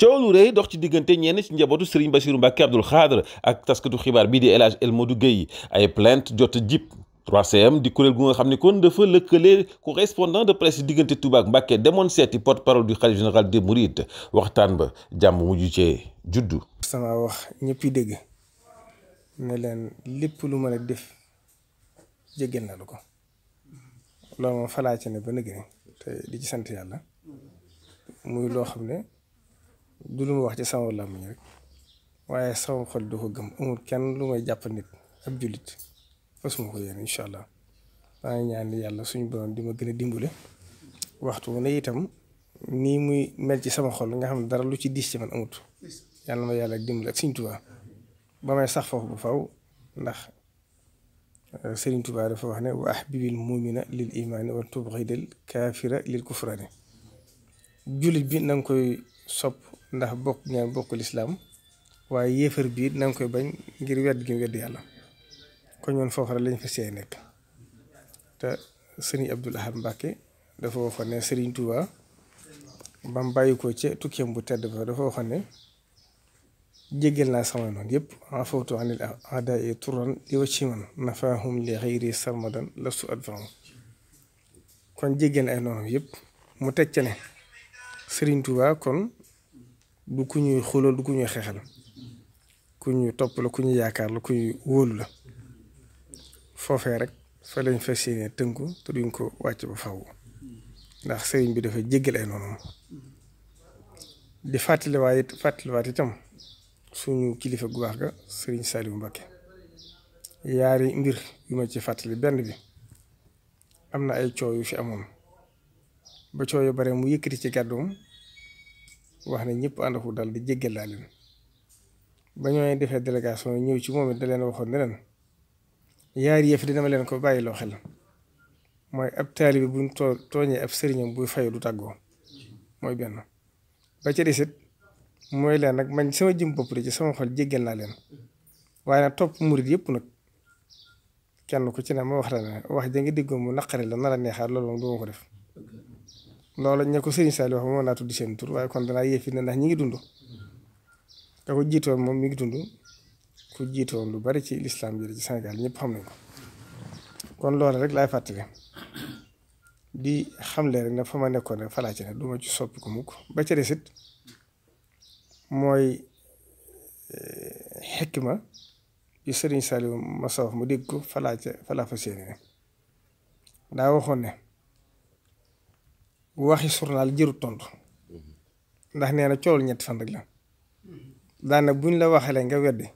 coow lu rëy dox ci diggante ñenn ci njabootu Serigne Bassirou Mbacké Abdoul Khadre ak taskatu xibaar bii di El Hadj El Modou Gueye ay plainte jot a jip 3CM di kuréel gu nga xam ne kon dafa lëkkale correspondant de presse diggante tubaak ak demoon seeti porte parole du khalife général des Mourides waxtaan ba jàmm mujj cee juddu. sama wax ñëpp yi dégg leen lépp lu ma a def jéggal na lu ko loolu moom falaa ci ne ba nëgëriñ te di ci sant yàlla muy loo xam ne. du lu mu wax ci sama làmmiñ rek waaye sama xol du ko gëm amul kenn lu may jàpp nit ab jullit fas ma ko yéen incha allah maa ngi ñaan yàlla suñu borom di ma gën a dimbale waxtu wu ne itam nii muy mel ci sama xol nga xam ne dara lu ci diis ci man amut yàlla ma yàlla dimbale ak Sëriñ Tuubaa ba may sax foofu bu faw ndax euh, Sëriñ Tuubaa dafa wax ne wa ahbibil muumina lil imaani wa tubxidil kaafira lil kufraani jullit bi na koy sopp ndax bokk ñaar bokk lislaam waaye yéefar bii na koy bañ ngir wedd gi wedd yàlla kon ñoon foofu rek lañ fa see nekk te sëriñ Abdul Ahad Mbàkke dafa waxoon ne sëriñ Tuubaa ba mu bàyyi ko ca bu tedd ba dafa waxoon ne jéggal naa sama noonu yëpp na ay noonu yëpp mu teg ca ne sëriñ Tuubaa kon du ku ñuy xuloo du ku ñuy xeexal ku ñu topp la ku ñu yaakaar la ku ñu wóolu la foofee rek fa lañ fas yéene tënku te duñ ko wàcc ba faw ndax sëriñ bi dafa jéggal ay noonu di fàttali fàttaliwaat itam suñu kilifa gu baax ga sëriñ Saliou Mbacké yaari mbir yu ma ci fàttali benn bi am na ay coow yu fi amoon ba coow yu bare mu yëkkati ci kàddoom wax nañ ñëpp ànd ko dal di jéggal naa leen ba ñooy defee délégation ñëw ci moom it da leen waxoon ne leen yaar yëf di dama leen ko bàyyi loo xel mooy ab taalibi buñ too tooñee ab sëriñam buy fayu du tàggoo mooy benn ba ca sit mooy leen nag mañ sama jëm bopp de ci sama xol jéggal naa leen waaye nag topp murit yëpp nag kenn ku ci ne ma wax la ne wax ja nga déggoo mu naqari la na a neexaat loolu moom du ma def loolu ñu ko Serigne Saliou wax moom laa tudd seen tur waaye kon danaa yëfi ne ndax ñi ngi dund da ko jiitoon moom mi ngi dund ku jiitoon lu bari ci lislaam ji ci Sénégal ñëpp xam nañ ko kon loolu rek laay fàttali di xamle rek na fa ma nekkoon rek falaa ci ne du ma ci soppi ko mukk ba ca desit mooy eh, xikma bi Serigne Saliou ma sa wax mu dégg ko falaa ca falaa fa séeni ne daa waxoon ne waxi journal jërut tontu ndax nee na coowul ñett fan rek la daana buñ la waxalee nga weddi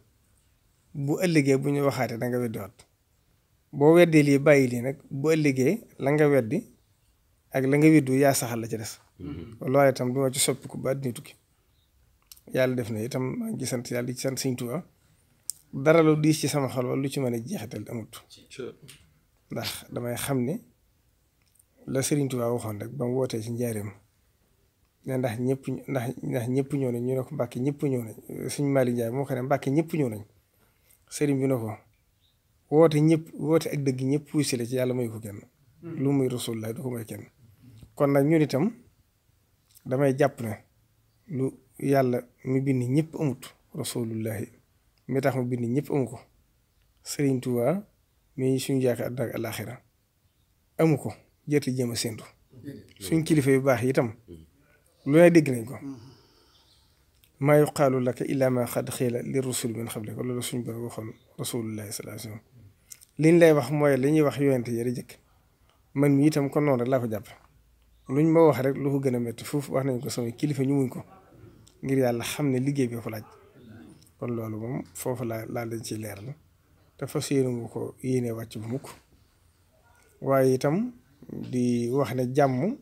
bu ëllëgee bu ñu waxaatee da nga weddiwaat boo weddee lii bàyyi lii nag bu ëllëgee la nga weddi ak la nga weddu yaa saxal la ci des loolu itam du ma ci soppiku ba àddina tukki yàlla def na itam maa ngi yàlla di ci sant Sëñ Tuubaa dara lu diis ci sama xol wala lu ci mën a jeexital amut ndax damay xam ne la Serigne Touba waxoon rek ba wootee ci njaareem ne ndax ñëpp ndax ndax ñëpp ñëw nañ ñu ne ko ñëpp ñëw suñu Malick Ndiaye moo ko ne Mbàkke ñëpp ñëw nañ sëriñ bi ne ko woote ñëpp woote ak dëgg ñëpp wuy si la ci yàlla may ko kenn. muy rasul la du ko may kenn. kon nag ñun itam damay jàpp ne lu yàlla mi bind ñëpp amut rasulullahi mi tax mu bind ñëpp amu ko Serigne Touba mi suñu yaakaar ak àllaaxira amu ko. jërëjëf di jéem a séntu suñ kilifa yu baax yi itam lu ne dégg nañ ko mm-hmm. maa yuqaalu laka illaa maa xad xiila li rusul min xablika loolu suñ borom waxoon rasulullahi sallallahu alayhi wa sallam liñ lay wax mooy li ñuy wax yonent yi jëkk man mi itam kon noonu rek laa ko jàpp luñ ma wax rek lu ko gën a metti foofu wax nañ ko sama kilifa ñu muñ ko ngir yàlla xam ne liggéey bi ko laaj kon loolu moom foofu laa laa dañ ciy leeral te fas yéene ko yéene wàcc bu di wax ne jàmm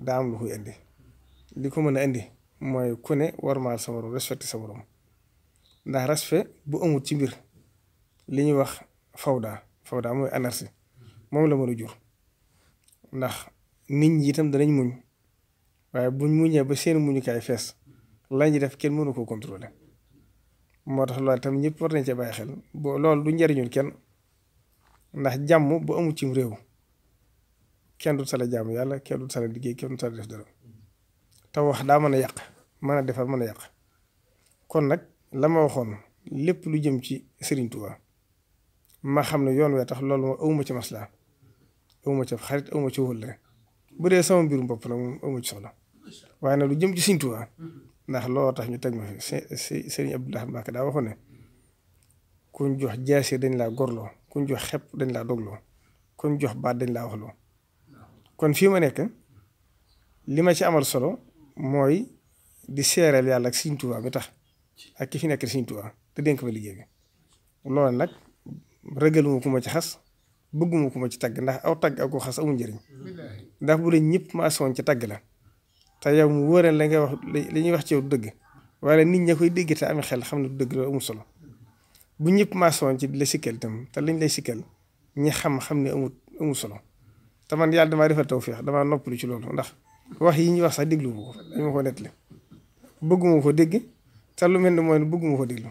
daa am lu koy indi li ko mën a indi mooy ku ne warmaal sa morom respecté sa ndax respect bu amul ci mbir li ñuy wax fawda fawda mooy anarchie moom la mën a jur ndax nit ñi itam danañ muñ waaye buñ muñee ba seen muñukaay fees la ñuy def kenn mënu ko contrôler moo tax loolu itam ñëpp war nañ cee bàyyi xel bo loolu du njariñul kenn ndax jàmm bu amul cim réew kenn du sale jaamu yàlla kenn du sale liggéey kenn du sale def dara te wax daa mën a yàq mën a defar mën a yàq kon nag la ma waxoon lépp lu jëm ci Serigne Touba ma xam ne yoon wee tax loolu moom awuma ci maslaa awuma ci xarit awuma ci la bu dee sama mbirum bopp la moom awuma ci soxla waaye nag lu jëm ci Serigne Touba ndax looloo tax ñu teg ma fi si Serigne Abdoulaye Mbacke daa waxoon ne kuñ jox jaasir dañ laa gorloo kuñ jox xepp dañ laa dogloo kuñ jox baat dañ laa waxloo kon fii ma nekk li ma ci amal solo mooy di seereel yàlla ak Sëriñ Tuubaa bi tax ak ki fi nekk Sëriñ Tuubaa te dénk ma liggéey bi loolu nag ragaluma ku ma ci xas bëgguma ku ma ci tagg ndax aw tagg ak ko xas amul njëriñ ndax bu dee ñëpp ma ci tagg la te yow mu wóoree la ngay wax li ñuy wax ci yow du dëgg waaye nit ña koy dégg te amee xel xam ne du dëgg loolu amul solo bu ñëpp ma asoon ci la sikkal itam te lañ lay sikkal ñi xam xam ne amul amul solo. te man yàlla damaa defal feex damaa noppalu ci loolu ndax wax yi ñuy wax sax déglu ko dañ ma ko nettali bëgguma ko dégg te lu mel ni mooy bëgguma ko déglu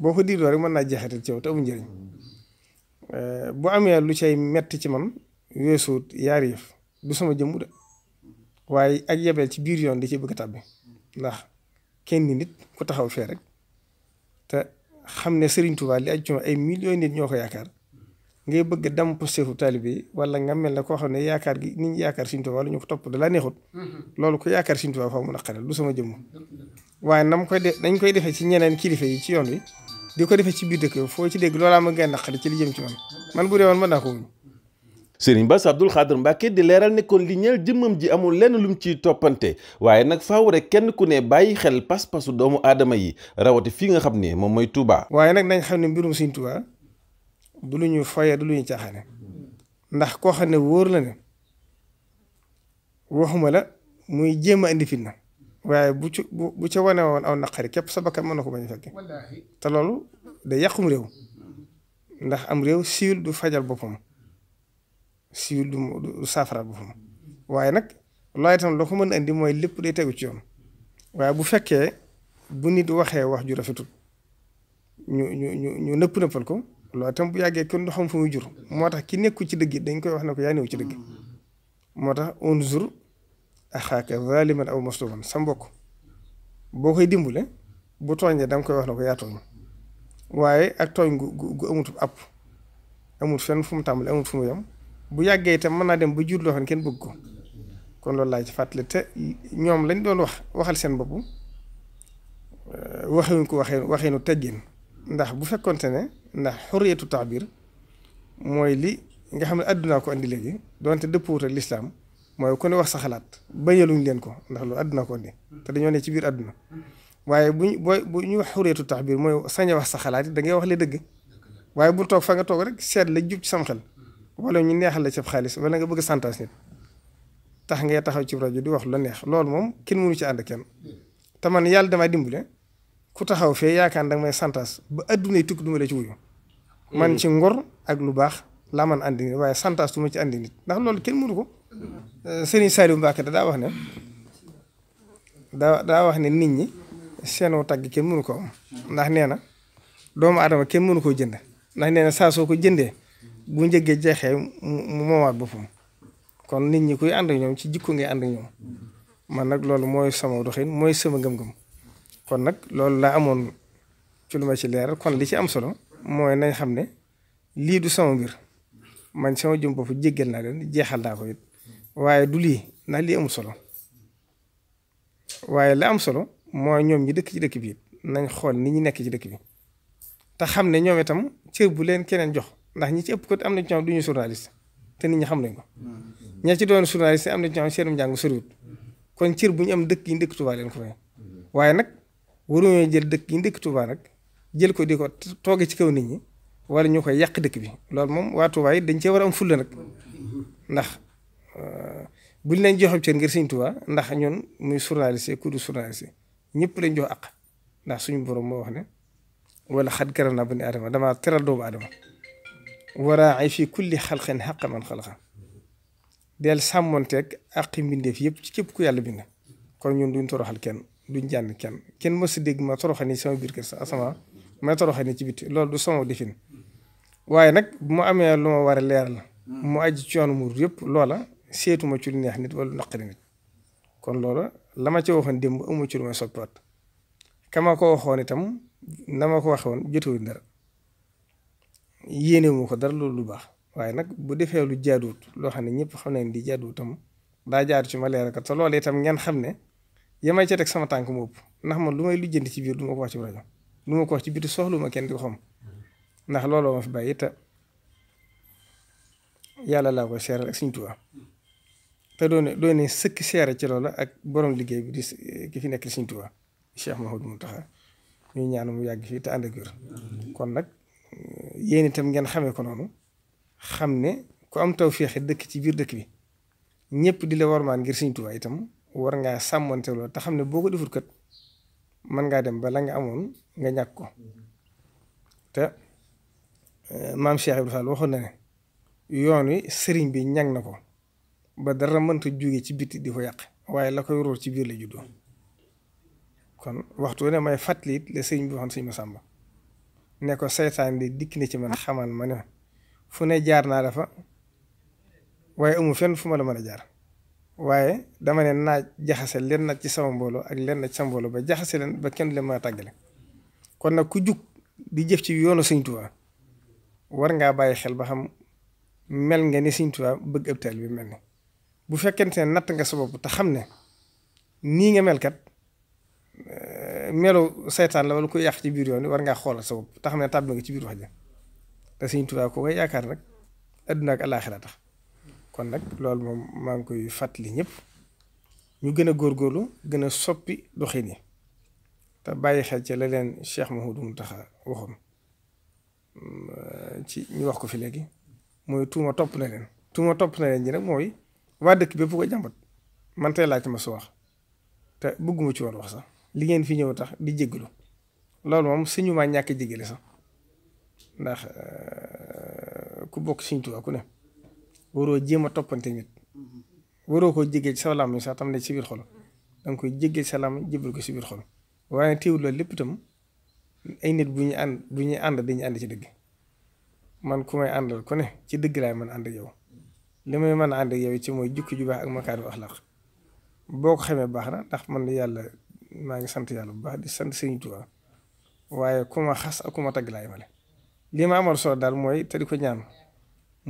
boo ko dégloo rek mën naa jeexital ci yow te amul njëriñ eh, bu amee lu cay metti ci man weesuut yaari yëf du sama ak yebeel ci biir yoon di ci bëgg a tàbbi kenn nit ku taxaw fee rek te xam ne sëriñ Touba li ak ci ay millions nit ñoo ko yaakaar. ngay bëgg a dem posteefu taalib nga mel ne koo xam ne yaakaar gi ni ñu yaakaar Sëriñ Tuubaa wala ñu ko topp da neexut mm-hmm. loolu ku yaakaar Sëriñ Tuubaa mu naqaral du sama jëmm mm-hmm. waaye nam koy def dañ koy defee ci ñeneen kilifa yi ci yoon wi di ko defee ci biir dëkk foo ci dégg loolaa ma gën naqari ci li jëm ci man man bu dee woon mën naa ko wuñ sëriñ Bass Abdou Khadre Mbacké di leeral ne kon li ñeel jëmmam ji amul lenn lum ci toppante waaye nag faaw rek kenn ku ne bàyyi xel pas-pasu doomu aadama yi rawati fii nga xam ne moom mooy Touba. waaye nag nañ xam ne mbirum Sëriñ Tuubaa du lu ñuy foyee du lu ñuy caaxaane ndax koo xam ne wóor la ne waxuma la muy jéem a indi fitna waaye bu ci bu ca wanee woon aw naqari képp sa bakkan mën na ko bañ a fekke te loolu da yàqum réew ndax am réew siwil du fajal boppam siwil du du boppam waaye nag looy itam loo ko mën a indi mooy lépp day tegu ci yoon waaye bu fekkee bu nit waxee wax ju rafetul ñu ñu ñu ñu nëpp nëppal ko. loolu tam bu yàggee kenn du xam fu muy jur moo tax ki nekku ci dëgg dañ koy wax ne ko yaa néew ci dëgg moo tax unzur axaaka zaliman aw masluman sa mbokk boo koy dimbale bu tooñee danga koy wax ne ko yaa tooñ waaye ak tooñ gu gu amut ab amut fenn fu mu tàmbali amut fu mu yem bu yàggee tam mën naa dem ba jur loo xam kenn bëgg ko kon loolu laa ci fàttali te ñoom lañ doon wax waxal seen bopp euh, waxuñ ko waxee waxee nu teggin ndax bu fekkonte ne. ndax xurriyatu biir mooy li nga xam ne àdduna ko andi léegi donte dëpp wutal lislaam mooy ku ne wax sa xalaat bañaluñ leen ko ndax loolu àddunaa ko andi te dañoo ne ci biir àdduna waaye bu ñu booy bu ñuy wax xurriyatu biir mooy sañ a wax sa xalaat yi da wax le dëgg waaye bu toog fa nga toog rek seet la jub ci sam xel wala ñu neexal la ci xaalis wala nga bëgg santaas nit tax ngay taxaw ci rajo di wax la neex loolu moom kenn mënu ci kenn te man yàlla damaa dimbale ku taxaw fee yaakaar ne danga may santas ba addunay tukki duma ma la ci wuyu. man ci ngor ak lu baax laa man andi waaye santas du ci andi nit ndax loolu kenn mënu ko. Euh, Serigne Saliou Mbacké daa wax ne daa daa wax ne nit ñi seenoo tagg kenn mënu ko ndax nee na doomu adama kenn mënu koo jënd ndax nee saa soo ko jëndee bu njëggee jeexee mu moomaat boppam kon nit ñi kuy ànd ak ñoom ci jikko ngay ànd ñoom man nag loolu mooy sama doxin mooy sama ngëm-ngëm. kon nag loolu laa amoon ci lu ma ci leeral kon li ci am solo mooy nañ xam ne lii du sama mbir man sama jëm bopp jéggal naa leen jeexal naa ko it waaye du lii ndax lii amul solo waaye la am solo mooy ñoom ñi dëkk ci dëkk bi nañ xool ni ñu nekk ci dëkk bi te xam ne ñoom itam cër bu leen keneen jox ndax ñi ci ëpp ko am na ci ñoom du ñu te nit ñi xam nañ ko ña ci doon journaliste am na ci ñoom seen njàng soriwut kon cër bu ñu am dëkk yi dëkk Tuubaa leen ko may waaye nag waruñoo jël dëkk yi dëkk Touba nag jël ko di ko tooge ci kaw nit ñi wala ñu koy yàq dëkk bi loolu moom waa Touba dañ cee war a am fulla nag ndax euh, buñ leen joxee cër ngir Sëriñ Touba ndax ñun muy journaliste ku du journaliste ñëpp lañ jox àq ndax suñu borom moo wax ne wala xat karam naa bani aadama damaa teral doomu aadama waraay fii kulli xalqin xaq man xalqa del sàmmonteeg àqi mbindeef yëpp ci képp ku yàlla bi bind kon ñun duñ toroxal kenn duñ jànn kenn kenn si dégg ma toroxa ni sama biir kër sa sama ma toroxa ni ci biti loolu du sama defin waaye nag bu ma amee lu ma war a leer la mu aji ci yoonu mur yëpp loola seetuma ci lu neex nit wala lu naqari nit kon loola la ma ci waxoon démb amu ci lu may soppiwaat kama ko waxoon itam na ma ko waxee woon jotewuñ dara yéenewu ma ko dara loolu lu baax waaye nag bu defee lu jaaduwut loo xam ne ñëpp xam nañ di jaaduwut tam daa jaadu ci ma leer ko te ngeen xam ne yamay ca teg sama tànk mu ëpp ndax ma lu may lijjanti ci biir du ma ko wax ci rajo du ma ko wax ci biti soxlu ma kenn di ko xam ndax looloo ma fi bàyyi te yàlla laa koy seeral ak Sëriñ Tuubaa te doo ne doo ne sëkk seere ci loola ak boroom liggéey bi di ki fi nekk Sëriñ Tuubaa Cheikh Mouhamadou Mountakha ñuy ñaan mu yàgg fii te ànd ak wér kon nag yéen itam ngeen xamee ko noonu xam ne ku am taw tawféex dëkk ci biir dëkk bi ñëpp di la warmaan ngir Sëriñ Tuubaa itam. war ngaa sàmmante loolu te xam ne boo ko defut kat mën ngaa dem bala nga amoon nga ñàkk ko te eh, maam Cheikh Ibrahima Fall waxoon na ne yoon wi sëriñ bi ñag na ko ba dara mënta jóge ci biti di ko yàq waaye la koy róor ci biir la juddoo kon waxtu ne may fàttali it la sëriñ bi waxoon ma Masamba ne ko seytaan bi dikk na ci man xamal ma ne fu ne jaar naa fa waaye amul fenn fu ma la mën a jaar waaye dama ne naa jaxase leen na ci sama mbooloo ak leen na ci sama mbooloo ba jaxase leen ba kenn leen mën tàggale kon nag ku jug di jëf ci yoonu Sëñ Tuubaa war ngaa bàyyi xel ba xam mel nga ni Sëñ Tuubaa bëgg ab taalibe mel ni bu fekkente ne natt nga sa bopp te xam ne nii nga mel kat eh, melu saytaan la wala ku yàq ci biir yoon war ngaa xoolal sa bopp te xam ne tàbbi nga ci biir wax ja te Sëñ Tuubaa ko koy yaakaar nag adduna ak alaaxira tax kon nag loolu moom maa ngi koy fàttali ñëpp ñu gën a góor góorlu gën a soppi doxin yi te bàyyi xel ci la leen Cheikh Mouhamadou Mountakha waxoon euh, ci ñu wax ko fi léegi mooy tuuma topp na leen. tuuma topp na leen ji nag mooy waa dëkk bépp ko jàmbat man tey laajte ma su wax te bëgguma ci woon wax sax li ngeen fi ñëw tax di jéggalu loolu moom suñu maa ñàkk a jéggale sax ndax euh, ku bokk Sëriñ Tuubaa ku ne. waroo jéem a toppante nit waroo koo jéggee ci sa làmmiñ sax tam ne ci biir xol da koy jéggee ci sa làmmiñ jébbal ko ci biir xol waaye teewul loolu lépp itam ay nit bu ñuy ànd bu ñuy ànd dañuy ànd ci dëgg man ku may àndal ku ne ci dëgg laay mën ànd yow li may mën a ànd ci mooy jukki ju baax ak makaari axlaq boo ko xamee baax na ndax man yàlla maa ngi sant yàlla bu baax di sant Sëriñ Tuubaa waaye ku ma xas ku ma tagg male li ma amal solo daal mooy te di ko ñaan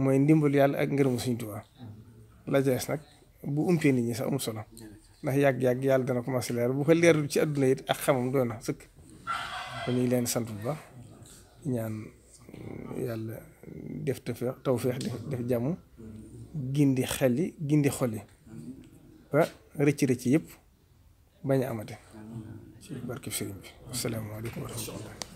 mooy ndimbalu yàlla ak ngërëmu Sëriñ Tuubaa la jeex nag bu umpee nit ñi sax amul solo ndax yàgg-yàgg yàlla dana commencé leer bu ko leerul ci àdduna it ak xamam doy na sëkk kon ñu ngi leen sant bu baax ñaan yàlla def tafeex tawfeex def jàmm gindi xel yi gindi xol yi ba rëcc rëcc yëpp bañ a amate ci barke sëriñ bi asalaamaaleykum wa